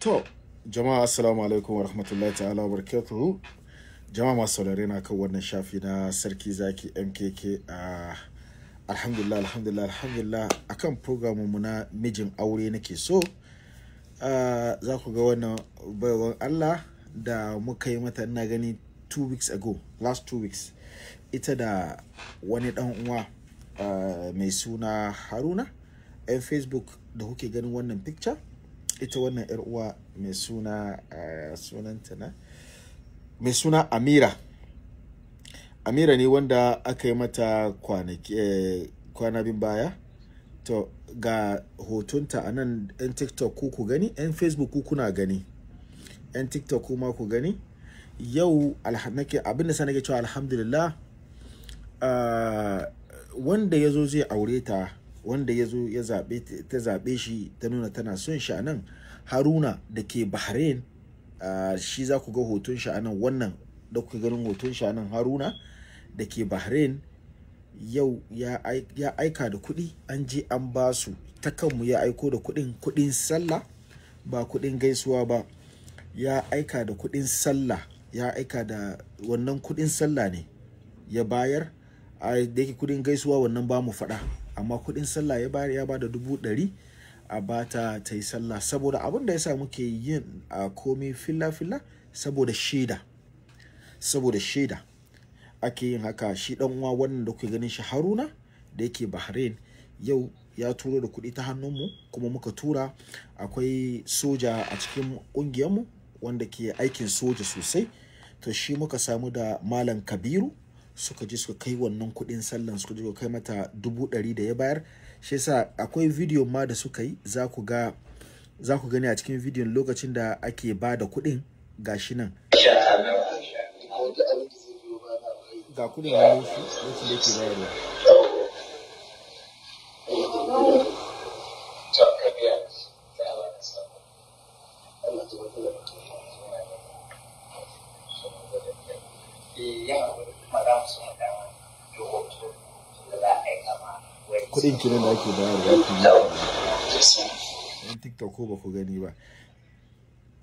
To, jama'a assalamu alaikum wa rahmatullahi ta'ala wa barakatuhu. Jama'a masu saurare na kan wannan shafi na Sarki Zaki MKK a alhamdulillah alhamdulillah alhamdulillah akan programmu mu na mijin aure nake so. za ku ga wannan baiwan Allah da muka yi mata ina gani two weeks ago last two weeks ita da wani dan uwa mai suna Haruna 'yan Facebook da kuke ganin wannan picture ita wannan yar uwa mai suna eh, sunanta na mai suna Amira Amira ne wanda aka yi mata kwanabin eh, kwana bin baya to ga hotunta a nan 'yan tiktok ku ku gani 'yan facebook ku kuna gani 'yan tiktok kuma ku gani yau abinda sa nake cewa alhamdulillah ah, wanda ya zo zai aure ta wanda ya zo ya zaɓe ta zaɓe shi ta nuna tana son shi a nan haruna da ke bahrain shi za ku ga hoton shi a nan wannan da kuka ganin hoton shi a nan haruna da ke bahrain yau ya, aika da kuɗi an je an ba su ta kanmu ya aiko da kuɗin kuɗin sallah ba kuɗin gaisuwa ba ya aika da kuɗin sallah ya aika da wannan kuɗin sallah ne ya bayar a da yake kuɗin gaisuwa wannan ba mu faɗa amma kudin sallah ya bayar ya bada dubu ɗari a bata ta yi sallah saboda abin da ya sa muke yin a komi fila-fila saboda shaida saboda shaida ake yin haka shi dan uwa wannan da kuke ganin shi haruna da yake bahrain yau ya turo da kuɗi ta hannunmu kuma muka tura akwai soja a cikin ƙungiyarmu wanda ke aikin soja sosai to shi muka samu da malam kabiru suka je suka kai wannan kudin sallan suka je kai mata dubu ɗari da ya bayar shi yasa akwai bidiyo ma da suka yi za ku ga gani a cikin bidiyon lokacin da ake ba da kudin gashi nan ga kuɗin shi lokacin bayarwa Yeah. kudin kinan da ake bayarwa ku yi tiktok ko ba ku gani ba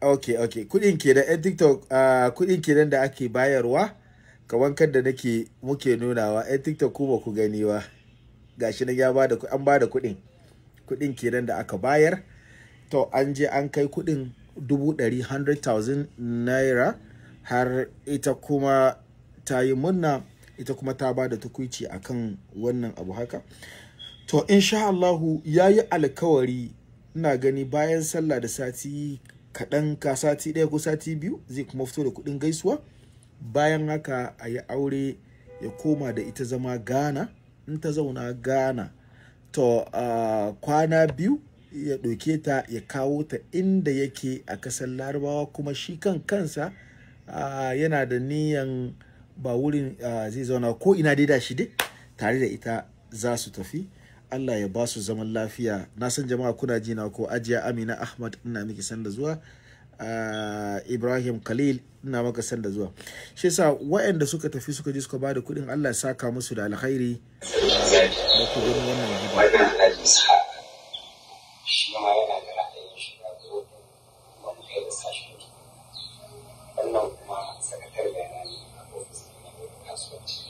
ok ok kuɗin kenan yan tiktok kudin kenan da ake bayarwa kawan kan da nake muke nunawa yan tiktok ko ba ku gani ba gashi nan ya bada an bada kudin kudin kenan da aka bayar to an je an kai kudin dubu ɗari hundred thousand naira har ita kuma ta yi munna ita kuma ta ba da tukuici akan wannan abu haka to insha Allahu yi alkawari ina gani bayan sallah da sati kaɗan ka sati ɗaya ko sati biyu zai kuma fito da kuɗin gaisuwa bayan haka a yi aure ya koma da ita zama gana in ta zauna gana to uh, kwana biyu ya ɗauke ta ya kawo ta inda yake a ƙasar larabawa kuma shi kan kansa yana da niyan ba wurin zai zauna ko ina dai da shi dai tare da ita za su tafi Allah ya ba su zaman lafiya na san jama'a kuna ji na ko ajiya Amina Ahmad ina miki sanda zuwa uh, Ibrahim Khalil ina maka sanda zuwa shi yasa waɗanda suka tafi suka ji suka bada kuɗin Allah ya saka musu da alkhairi a ofis na kasuwanci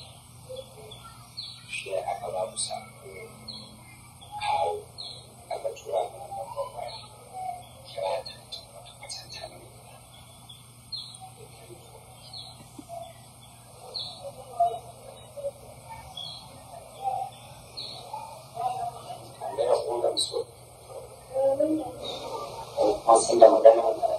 まあ、死んだもダメなんだ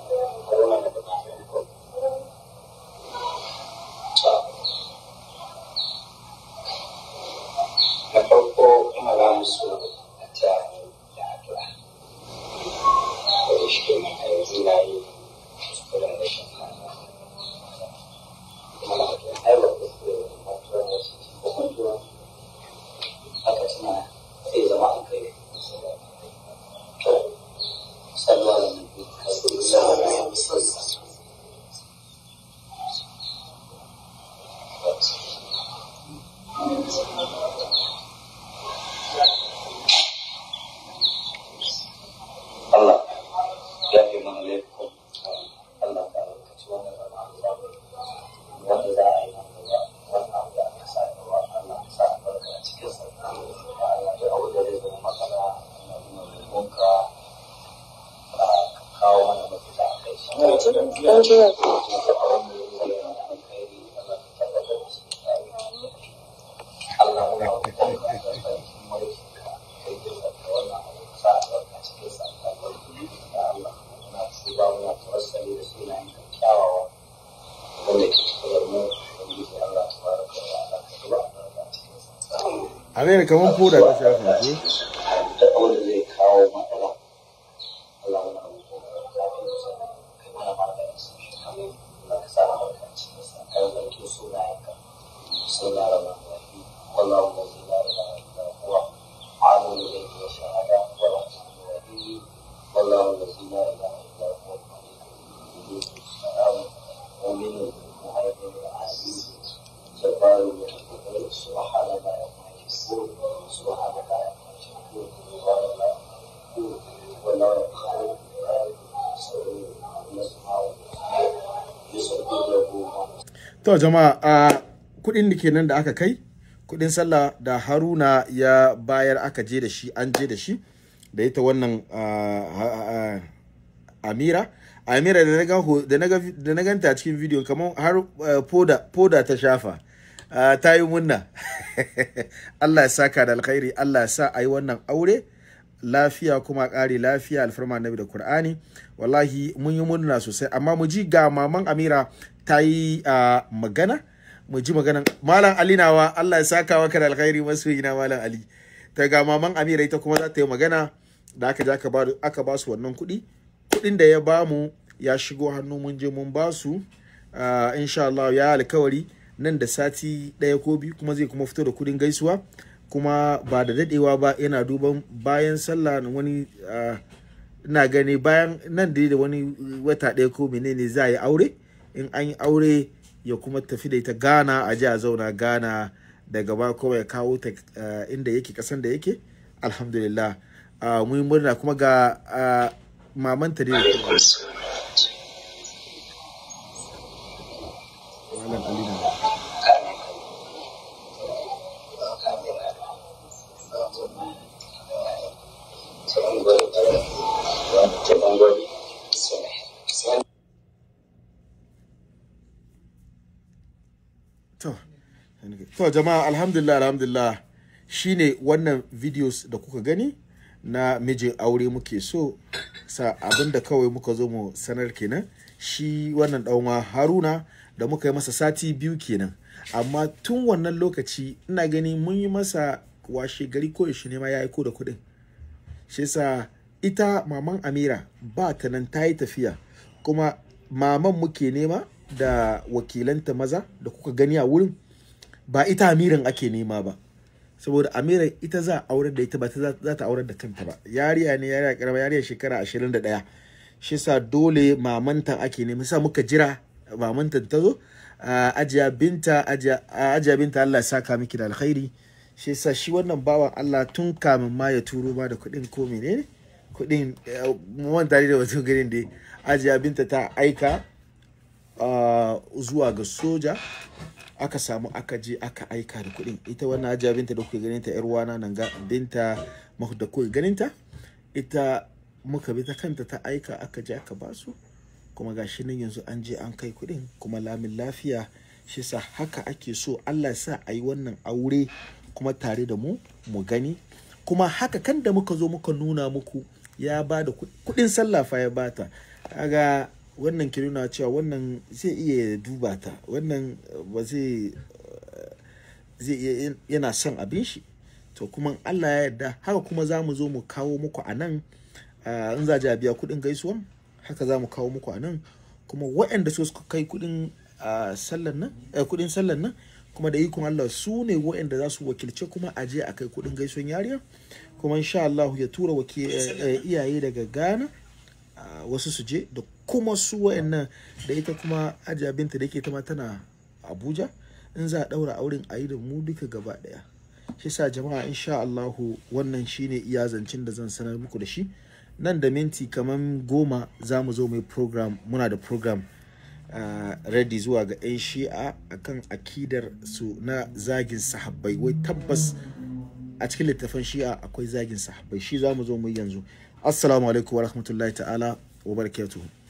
NGF. Amene kamar fura ta shafa ko? suna yanka to jama'a a kudin da kenan da aka kai kudin sallah da haruna ya bayar aka je da shi an je da shi da ita wannan amira amira da na ganta cikin bidiyo kamar har poda eh, ta shafa ta yi munna Allah ya saka da alkhairi Allah ya sa a yi wannan aure lafiya kuma ƙari lafiya alfarma nabi da Kur'ani wallahi mun yi munna sosai amma mu ji ga maman Amira ta yi uh, magana mu ji maganan malam ali nawa allah ya saka wa kada alkhairi masoyi na malam ali ta ga maman amira ita kuma za ta yi magana da aka je aka ba su wannan kuɗi kuɗin da ya bamu ya shigo hannu mun je mun ba su insha Allah ya alkawari nan da sati ɗaya ko biyu kuma zai kuma fito da kuɗin gaisuwa kuma ba da daɗewa ba yana duban bayan sallah wani ina gani bayan nan da wani wata ɗaya ko menene za a yi aure in an yi aure ya kuma tafi da ita gana, a ji a zauna gana, daga ba kowa ya kawo ta eh, inda yake kasan da yake alhamdulillah ah, mun murna kuma ga ah, mamanta ne to jama'a alhamdulillah alhamdulillah shine wannan videos da kuka gani na mijin aure muke so sa abinda kawai muka zo mu sanar kenan shi wannan ɗanwa haruna da muka yi masa sati biyu kenan amma tun wannan lokaci ina gani mun yi masa washe gari ko yaushe ne ma ya ko da kuɗin shi yasa ita maman amira ba ta nan ta yi tafiya kuma maman muke nema da wakilanta maza da kuka gani a wurin ba ita amirin ake nema ba saboda amiran ita za a aurar da ita ba ta za ta aurar da kanta ba yariya ne yariya karama yariya shekara 21 shi sa dole mamantan ake nema sa muka jira mamantan ta zo ajiya binta ajiya binta Allah saka miki da alkhairi shi sa shi wannan bawan Allah tun kamin ma ya turo ba da kuɗin ko menene kuɗin eh, mun tare da wato garin da ajiya binta ta aika zuwa ga soja aka samu aka je aka aika da kuɗin ita wannan ajiya binta da kuke ganinta yar wana nan ga binta da kuke ganinta ita muka bi ta kanta ta aika aka je aka ba su? kuma gashi nan yanzu an je an kai kuɗin kuma lamin lafiya shi sa haka ake so Allah sa a yi wannan aure kuma tare da mu mu gani kuma haka kan da muka zo muka nuna muku ya ba da kuɗin sallafa ya bata kaga wannan kiri na cewa wannan zai iya duba ta wannan ba zai zai iya yana son abin shi to kuma Allah ya yarda haka kuma za mu zo mu kawo muku a nan in za a biya kuɗin gaisuwan haka za mu kawo muku a nan kuma waɗanda su suka kai kuɗin sallan nan eh, kuɗin sallan nan kuma da ikon Allah su ne waɗanda za su wakilce kuma a je a kai kuɗin gaisuwan yariya kuma insha Allah ya tura eh, eh, iyaye daga Ghana wasu su je da kuma su wayannan da ita kuma hajiya binta da ke ta ma tana abuja in za a ɗaura auren a yi da mu duka gaba ɗaya shi sa jama'a insha Allahu wannan shine iya zancen da zan sanar muku da shi nan da minti kamar goma za mu zo mai program muna da program ah, ready zuwa ga 'yan shi'a akan akidar su na zagin sahabbai wai tabbas a cikin littafin shi'a akwai zagin sahabbai shi za mu zo mu yanzu assalamu alaikum wa rahmatullahi ta'ala wa barakatuhu